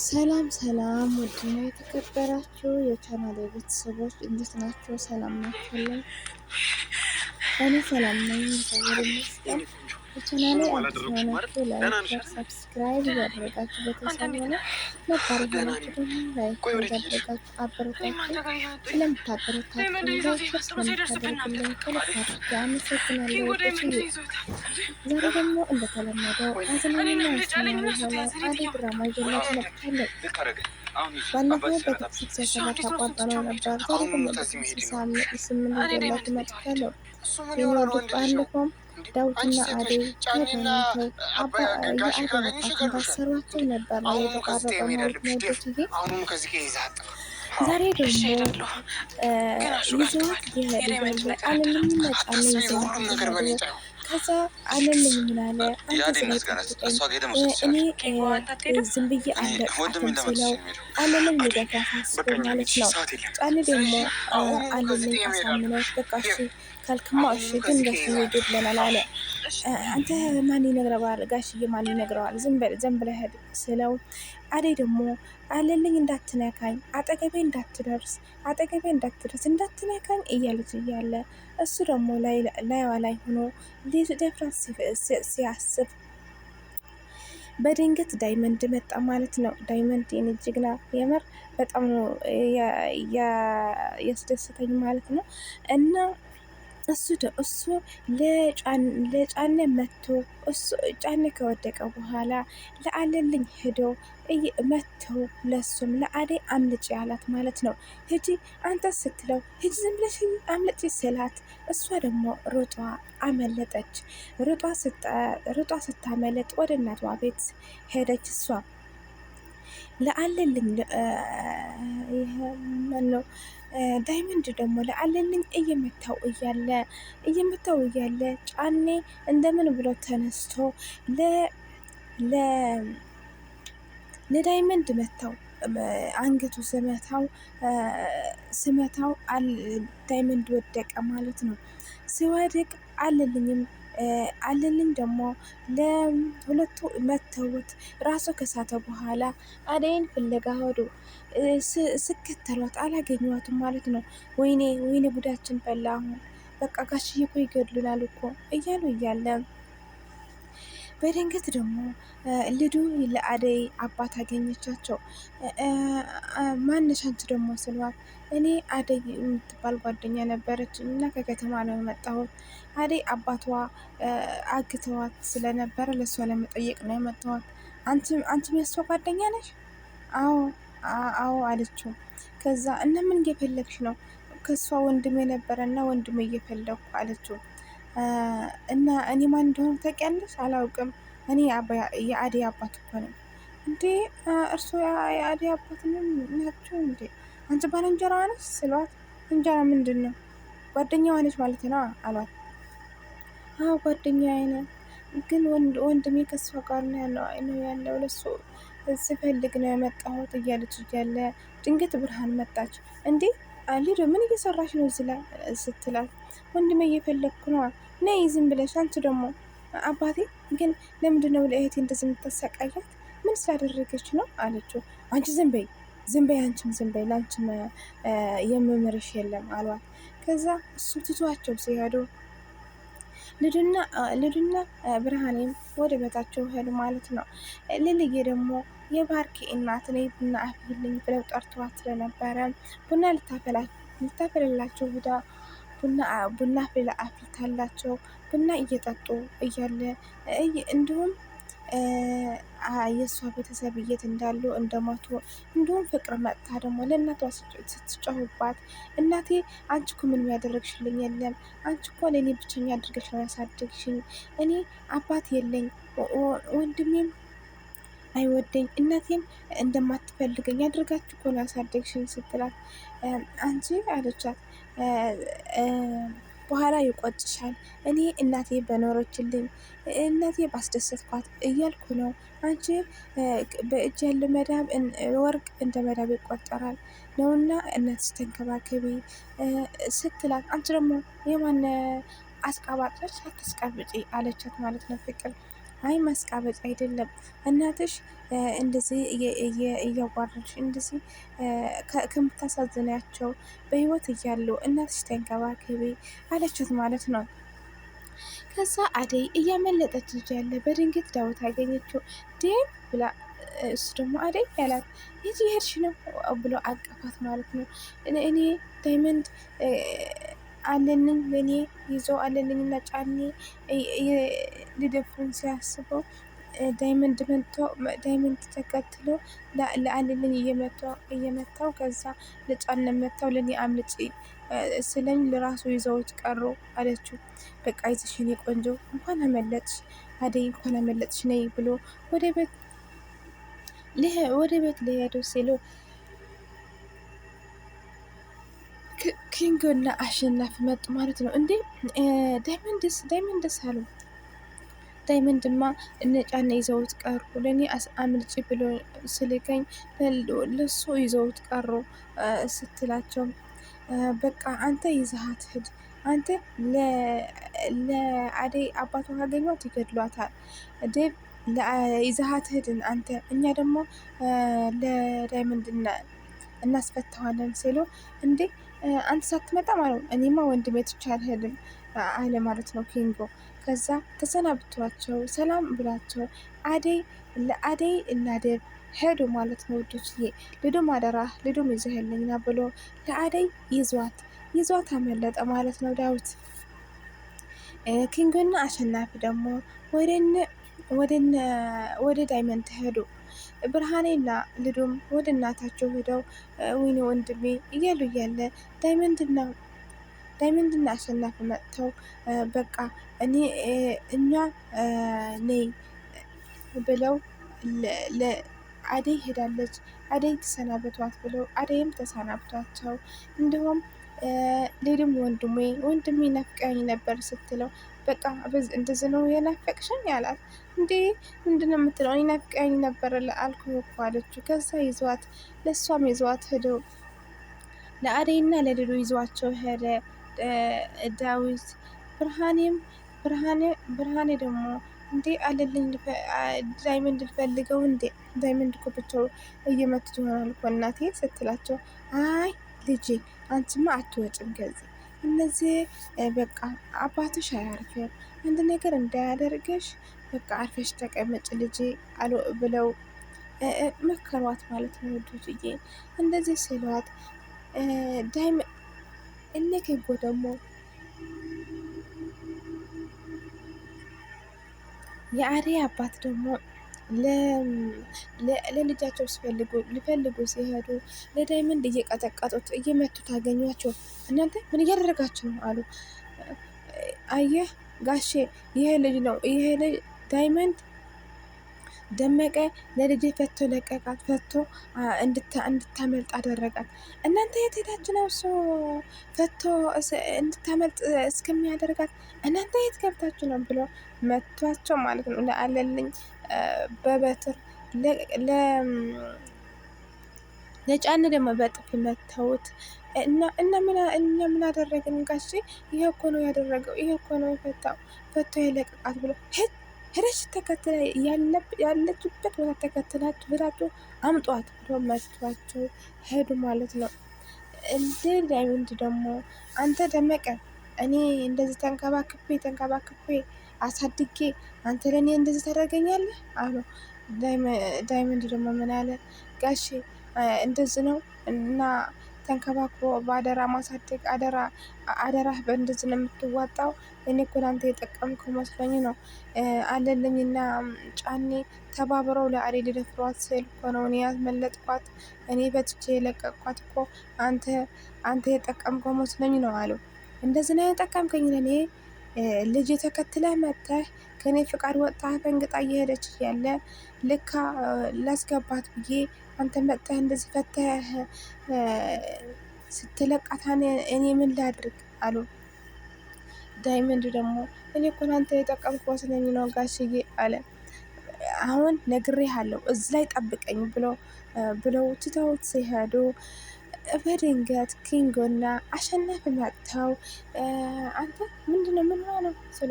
ሰላም ሰላም፣ ውድና የተከበራችሁ የቻናሌ ቤተሰቦች እንዴት ናቸው? ሰላም ናቸው? እኔ ሰላም ነኝ፣ እግዚአብሔር ይመስገን። ባለፈው በጥቂት ስብሰባ ተቋርጠነው ነበር። ዛሬ ደግሞ ስምምነት ላይ መጥቻለሁ። የሚወዱት ባለፈውም ዳዊትና አደይ ተገናኝተው የአባታቸውን ታሰሯቸው ነበር ነው የተቋረጠ ማለት ነው። ዛሬ ደግሞ ይዘዋት የሄደው አለምኝ መጫን ይዘዋት ከዛ አለም ምናለ እኔ ዝም ብዬ አለቃትም ስለው አለምን ልደፋ ሳስበው ማለት ነው። ጫን ደግሞ አለምን አሳምነው በቃ እሱ ካልክማ እሺ፣ ግን እንደሱ ሄድ አለ። አንተ ማን ይነግረዋል? ጋሽዬ ማን ይነግረዋል? ዝም ብለህ ሂድ ስለው አደይ ደግሞ አለልኝ እንዳትነካኝ፣ አጠገቤ እንዳትደርስ፣ አጠገቤ እንዳትደርስ፣ እንዳትነካኝ እያለች እያለ እሱ ደግሞ ላይዋ ላይ ሆኖ ሊደፍራት ሲያስብ በድንገት ዳይመንድ መጣ ማለት ነው። ዳይመንድ ይህን እጅግና የምር በጣም ነው ያስደስተኝ ማለት ነው እና እሱ እሱ ለጫኔ መቶ እሱ ጫኔ ከወደቀ በኋላ ለአለልኝ ሄዶ መተው ለሱም ለአደይ አምልጭ ያላት ማለት ነው። ሂጂ አንተ ስትለው ሂጂ ዝም ብለሽ አምልጭ ስላት እሷ ደግሞ ሩጧ አመለጠች። ሩጧ ስታመለጥ ወደ እናትዋ ቤት ሄደች። እሷ ለአለልኝ ይህ ነው ዳይመንድ ደግሞ ለአለልኝ እየመታው እያለ እየመታው እያለ ጫኔ እንደምን ብሎ ተነስቶ ለ ለ ለዳይመንድ መታው አንገቱ ስመታው ስመታው ዳይመንድ ወደቀ ማለት ነው። ሲወድቅ አለልኝም አለንም ደግሞ ለሁለቱ መተውት ራሱ ከሳተ በኋላ አደይን ፍለጋ ሄዱ። ስከተሏት አላገኘዋትም ማለት ነው። ወይኔ ወይኔ ጉዳችን ፈላ፣ አሁን በቃ ጋሽዬ እኮ ይገድሉናል እኮ እያሉ እያለ በድንገት ደግሞ ልዱ ለአደይ አባት አገኘቻቸው። ማነሻንች ደግሞ ስሏት እኔ አደይ የምትባል ጓደኛ ነበረች እና ከከተማ ነው የመጣሁት። አደይ አባቷ አግተዋት ስለነበረ ለእሷ ለመጠየቅ ነው የመጣሁት። አንቺም ያሷ ጓደኛ ነሽ? አዎ አዎ አለችው። ከዛ እነምን ምን እየፈለግሽ ነው? ከእሷ ወንድም የነበረ እና ወንድም እየፈለግኩ አለችው። እና እኔ ማን እንደሆነ ታውቂያለሽ? አላውቅም። እኔ የአደይ አባት እኮ ነኝ። እንዴ እርስዎ የአደይ አባት ናቸው እንዴ? አንቺ ባለ እንጀራ ነሽ ስሏት፣ እንጀራ ምንድን ነው ጓደኛዋ ነች ማለት ነው አሏት። አዎ ጓደኛ ነው፣ ግን ወንድሜ ከሷ ጋር ነው ያለው ያለው ለሱ ስፈልግ ነው የመጣሁት እያለች እያለ ድንገት ብርሃን መጣች። እንዴ አሊዶ ምን እየሰራሽ ነው ዝላ ስትላል ስትላት፣ ወንድሜ እየፈለግኩ ነዋ። ነይ ዝም ብለሽ አንቺ ደግሞ አባቴ ግን ለምንድነው ለእህቴ እንደዚህ የምታሰቃያት? ምን ስላደረገች ነው አለችው። አንቺ ዝም በይ ዝም በይ አንቺም ዝም በይ ለአንቺም የምምርሽ የለም አሏት። ከዛ እሱ ትቷቸው ሲሄዱ ልዱና ብርሃኔም ወደ ቤታቸው ሄዱ ማለት ነው። ልልዬ ደግሞ የባርኪ እናት ነይ ቡና አፍልልኝ ብለው ጠርተዋት ስለነበረ ቡና ልታፈልላቸው ሂዳ ቡና ፍላ አፍልታላቸው ቡና እየጠጡ እያለ እንዲሁም የእሷ ቤተሰብ የት እንዳሉ እንደሞቱ እንዲሁም ፍቅር መጥታ ደግሞ ለእናቷ ስትጫሁባት እናቴ አንቺ እኮ ምንም ያደረግሽልኝ የለም፣ አንቺ እኮ ለእኔ ብቸኛ አድርገሽ ነው ያሳደግሽኝ፣ እኔ አባት የለኝ፣ ወንድሜም አይወደኝ፣ እናቴም እንደማትፈልገኝ ያደርጋችሁ እኮ ነው ያሳደግሽኝ ስትላት አንቺ አለቻት በኋላ ይቆጭሻል። እኔ እናቴ በኖረችልኝ እናቴ ባስደሰትኳት እያልኩ ነው። አንቺ በእጅ ያለ መዳብ ወርቅ እንደ መዳብ ይቆጠራል ነውና እናት ስተንከባከቢ ስትላት፣ አንቺ ደግሞ የማን አስቀባጫች አታስቀብጪ አለቻት ማለት ነው ፍቅር አይ ማስቃበጥ አይደለም እናትሽ እንደዚህ እያዋረድሽ እንደዚህ ከምታሳዝናቸው በህይወት እያሉ እናትሽ ተንከባከቢ አለችት ማለት ነው። ከዛ አደይ እያመለጠች ያለ በድንገት ዳዊት አገኘችው። ዴም ብላ እሱ ደግሞ አደይ ያላት ይህ ሄድሽ ነው ብሎ አቀፋት ማለት ነው። እኔ ዳይመንድ አለልኝ ለእኔ ይዞ አለልኝ እና ጫኔ ሊደፍረኝ ሲያስበው ዳይመንድ መጥቶ ዳይመንድ ተከትሎ ለአለልኝ እየመታው ከዛ ለጫነ መታው ለእኔ አምልጪ ስለኝ ለራሱ ይዘውት ቀሩ አለችው። በቃ ይዘሽ የኔ ቆንጆ እንኳን አመለጥሽ አደይ እንኳን አመለጥሽ ነይ ብሎ ወደ ቤት ወደ ቤት ሊሄዱ ሲሉ ኪንጎና አሸናፊ መጡ ማለት ነው እንዴ? ዳይመንድስ ዳይመንድስ አሉ። ዳይመንድማ እነ ጫና ይዘውት ቀሩ። ለእኔ አምልጭ ብሎ ስለገኝ ለሱ ይዘውት ቀሩ ስትላቸው በቃ አንተ ይዘሃት ሂድ አንተ ለአደይ አባቷ ካገኟት ይገድሏታል። ዴብ ይዘሃት ሂድን አንተ እኛ ደግሞ ለዳይመንድ እናስፈታዋለን ሲሉ እንዴ አንተ ሳትመጣም አለው እኔማ ወንድሜ ትቼ አልሄድም አለ ማለት ነው ኪንጎ። ከዛ ተሰናብቷቸው ሰላም ብሏቸው አደይ ለአደይ እናደብ ሄዱ ማለት ነው ውዶችዬ። ልዱም አደራ ልዱም ይዘህልኝና ብሎ ለአደይ ይዟት ይዟት አመለጠ ማለት ነው ዳዊት። ኪንጎና አሸናፊ ደግሞ ወደነ ወደ ዳይመንድ ሄዱ። ብርሃኔና ልዱም ወደ እናታቸው ሄደው ዊኒ ወንድሜ እያሉ እያለ ዳይመንድና ዳይመንድና አሸናፊ መጥተው በቃ እኔ እኛ ነይ ብለው አደይ ሄዳለች፣ አደይ ተሰናበቷት ብለው አደይም ተሰናብቷቸው እንዲሁም ሌድም ወንድሜ ወንድሜ ነፍቀኝ ነበር ስትለው በቃ እንደዚ ነው የናፈቅሽኝ አላት። እንዴ ምንድነው የምትለው? እኔ ናፍቀኸኝ ነበረ ለአልኩህ እኮ አለችው። ከዛ ይዘዋት ለእሷም ይዘዋት ሄደው ለአደይና ለልሉ ይዘዋቸው ሄደ ዳዊት። ብርሃኔም ብርሃኔ ደግሞ እንዴ አለልኝ ዳይመንድ ልፈልገው እንዴ ዳይመንድ እኮ ብቻው እየመቱት ይሆናል እኮ እናቴ ስትላቸው፣ አይ ልጄ አንቺማ አትወጭም ከዚህ እነዚህ በቃ አባትሽ አያርፍም፣ አንድ ነገር እንዳያደርግሽ በቃ አርፈሽ ተቀመጭ ልጅ አሉ ብለው መከሯት ማለት ነው። ውዱዬ እንደዚህ ሲሏት ዳይም እነኬጎ ደግሞ የአደይ አባት ደግሞ ለልጃቸው ሲፈልጉ ሊፈልጉ ሲሄዱ ለዳይመንድ እየቀጠቀጡት እየመቱት አገኟቸው። እናንተ ምን እያደረጋችሁ ነው አሉ። አየህ ጋሼ ይሄ ልጅ ነው ይሄ ልጅ ዳይመንድ ደመቀ ለልጅ ፈቶ ለቀቃት፣ ፈቶ እንድታመልጥ አደረጋት። እናንተ የት ሄዳችሁ ነው እሱ ፈቶ እንድታመልጥ እስከሚያደርጋት እናንተ የት ገብታችሁ ነው ብሎ መቷቸው ማለት ነው ለአለልኝ በበትር ለጫን ደግሞ በጥፊ መተውት እና እኛ ምን አደረግን? ጋሼ ይሄ እኮ ነው ያደረገው፣ ይሄ እኮ ነው የፈታው፣ ፈቶ የለቀቃት ብሎ ሄደች ተከትላ ያለችበት ቦታ ተከትላችሁ ብላችሁ አምጧት ብሎ መቷቸው ሄዱ ማለት ነው። እንዴ ዳይመንድ ደግሞ አንተ ደመቀ እኔ እንደዚህ ተንከባክፌ ተንከባክፌ አሳድጌ አንተ ለእኔ እንደዚህ ታደርገኛለህ አለው። ዳይመንድ ደግሞ ምን አለ ጋሽ እንደዚህ ነው እና ተንከባክቦ በአደራ ማሳደግ አደራ አደራህ በእንደዚህ ነው የምትዋጣው። እኔ እኮ ለአንተ የጠቀምከው መስሎኝ ነው አለልኝና ጫኔ ተባብረው ለአዴ ሊደፍሯት ስል እኮ ነው እኔ ያስመለጥኳት እኔ በትቼ የለቀቅኳት እኮ አንተ አንተ የጠቀምከው መስሎኝ ነው አለው። እንደዚህ ነው የጠቀምከኝ ለእኔ ልጅ ተከትለህ መጥተህ ከኔ ፍቃድ ወጣ ፈንግጣ እየሄደች እያለ ልካ ላስገባት ብዬ አንተ መጥተህ እንደዚህ ፈተህ ስትለቃት እኔ ምን ላድርግ አሉ። ዳይመንድ ደግሞ እኔ እኮ ለአንተ የጠቀምኩ መስሎኝ ነው ጋሽዬ አለ። አሁን ነግሬህ አለው እዚ ላይ ጠብቀኝ ብሎ ብለው ትተውት ሲሄዱ በድንገት ኪንጎና አሸናፊ መጥተው አንተ ምንድነው ምን ነው ስሎ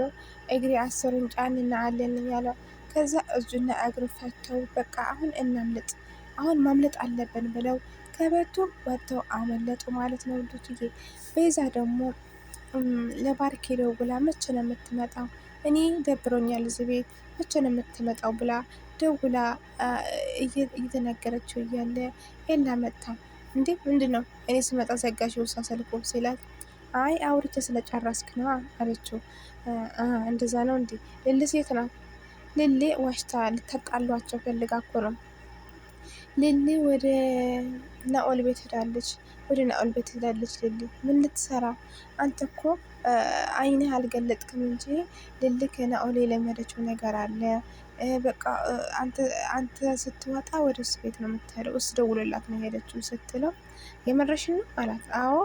እግሬ አስሩን ጫን እናአለን ያለው። ከዛ እጁና እግሩ ፈተው በቃ አሁን እናምልጥ፣ አሁን ማምለጥ አለብን ብለው ከበቱ ወጥተው አመለጡ ማለት ነው። ዱትዬ ቤዛ ደግሞ ለባርኬ ደውላ መቼ ነው የምትመጣው? እኔ ደብሮኛል እዚህ ቤት መቼ ነው የምትመጣው ብላ ደውላ እየተነገረችው እያለ ኤላ መጣ። እንዴ ምንድን ነው? እኔ ስመጣ ዘጋሽ ውሳ ሰልኮ ሲላት አይ አውርቼ ስለጨረስክ ነው አለችው። እንደዛ ነው እንዴ? ልል ሴት ናት። ልሌ ዋሽታ ልታጣሏቸው ፈልጋ እኮ ነው። ልሌ ወደ ናኦል ቤት ሄዳለች። ወደ ናኦል ቤት ሄዳለች። ልሌ ምን ልትሰራ አንተ እኮ አይን አልገለጥክም እንጂ ልልክ ኦሌ ለመደችው ነገር አለ። በቃ አንተ ስትወጣ ወደ እሱ ቤት ነው የምትሄደው፣ እሱ ደውሎላት ነው የሄደችው ስትለው የመረሽን ነው አላት። አዎ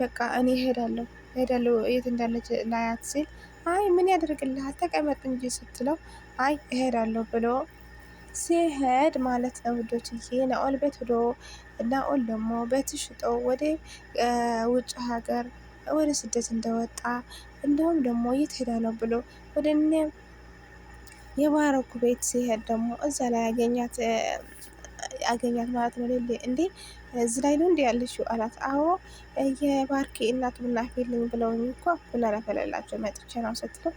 በቃ እኔ እሄዳለሁ እሄዳለሁ የት እንዳለች ላያት ሲል አይ ምን ያደርግልሃል ተቀመጥ እንጂ ስትለው አይ እሄዳለሁ ብሎ ሲሄድ ማለት ነው ይሄ ናኦል ቤት ሄዶ ናኦል ደግሞ ቤት ሽጦ ወደ ውጭ ሀገር ወደ ስደት እንደወጣ እንዲሁም ደግሞ የት ሄዳ ነው ብሎ ወደ እነ የባረኩ ቤት ሲሄድ ደግሞ እዛ ላይ ያገኛት ያገኛት ማለት ነው። ሌሌ እንዴ እዚህ ላይ ነው እንዲ ያለችው አላት። አዎ የባርኪ እናት ቡና አፍልኝ ብለውኝ እኮ ቡና ላፈለላቸው መጥቼ ነው ስትለው፣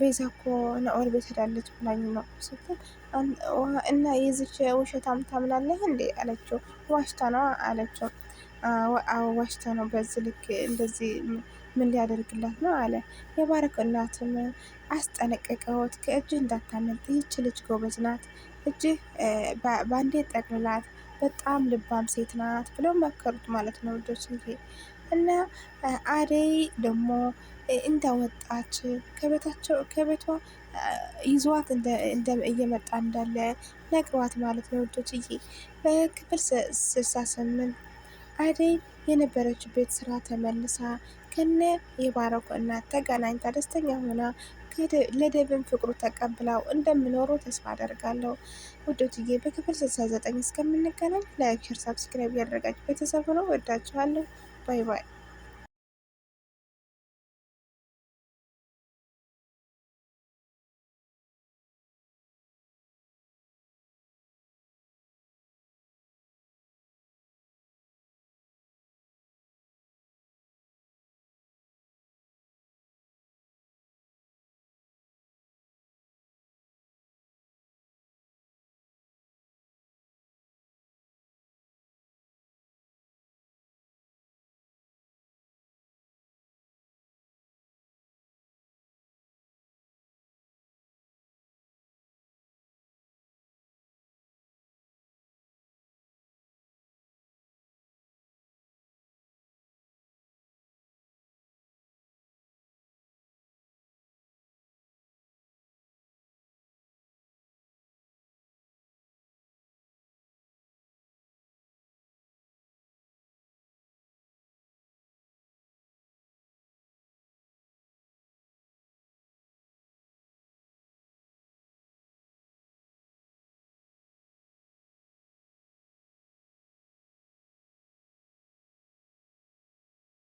ቤዛ እኮ ናኦል ቤት ሄዳለች ብላኝ ነው ስትል፣ እና የዚች ውሸታም ታምናለህ እንዴ አለችው። ዋሽታ ነው አለችው። ዋሽታ ነው በዚህ ልክ እንደዚህ ምን ሊያደርግላት ነው አለ። የባርቅ እናትም አስጠነቀቀዎት፣ ከእጅ እንዳታመልጥ ይች ልጅ ጎበዝ ናት፣ እጅህ ባንዴ ጠቅልላት፣ በጣም ልባም ሴት ናት ብለው መከሩት ማለት ነው ልጆች ውዶች እና አደይ ደግሞ እንዳወጣች ከቤታቸው ከቤቷ ይዟት እየመጣ እንዳለ ነግሯት ማለት ነው ውዶችዬ በክፍል ስልሳ ስምንት አደይ የነበረችበት ስራ ተመልሳ ከነ የባረኮ እናት ተገናኝታ ደስተኛ ሆና ለደብን ፍቅሩ ተቀብላው እንደምኖሩ ተስፋ አደርጋለሁ። ውዶትዬ በክፍል 69 እስከምንገናኝ ላይክ፣ ሼር፣ ሳብስክራይብ ያደረጋችሁ ቤተሰብ ነው። ወዳችኋለሁ። ባይ ባይ።